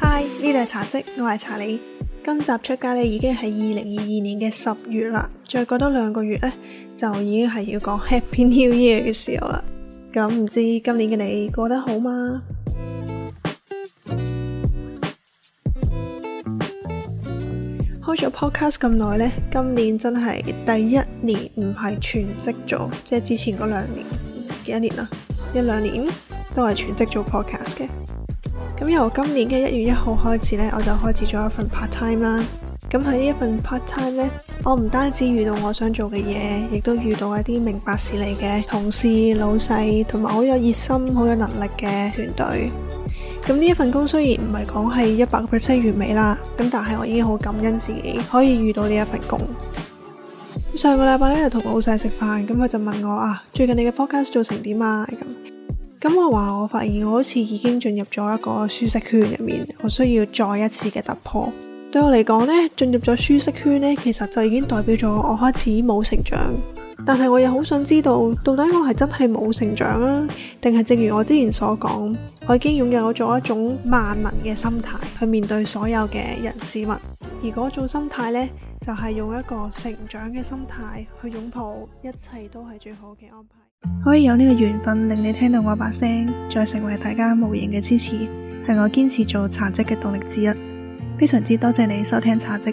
嗨，呢度係茶嘖，我係茶理。今集出街咧，已經係二零二二年嘅十月啦，再過多兩個月呢，就已經係要講 Happy New Year 嘅時候啦。咁唔知今年嘅你過得好嗎？開咗 podcast 咁耐呢，今年真係第一年唔係全職做，即係之前嗰兩年幾一年啦，一兩年都係全職做 podcast 嘅。咁由今年嘅一月一號開始呢，我就開始咗一份 part time 啦。咁喺呢一份 part time 呢，我唔單止遇到我想做嘅嘢，亦都遇到一啲明白事理嘅同事、老細，同埋好有熱心、好有能力嘅團隊。咁呢一份工雖然唔係講係一百個 percent 完美啦，咁但係我已經好感恩自己可以遇到呢一份工。上個禮拜一日同老細食飯，咁佢就問我啊，最近你嘅 podcast 做成點啊？咁咁我話，我發現我好似已經進入咗一個舒適圈入面，我需要再一次嘅突破。對我嚟講呢，進入咗舒適圈呢，其實就已經代表咗我開始冇成長。但係我又好想知道，到底我係真係冇成長啊，定係正如我之前所講，我已經擁有咗一種萬能嘅心態去面對所有嘅人事物。而嗰種心態呢，就係、是、用一個成長嘅心態去擁抱一切都係最好嘅安排。可以有呢個緣分令你聽到我把聲，再成為大家無形嘅支持，係我堅持做茶嘖嘅動力之一。非常之多謝你收聽茶嘖。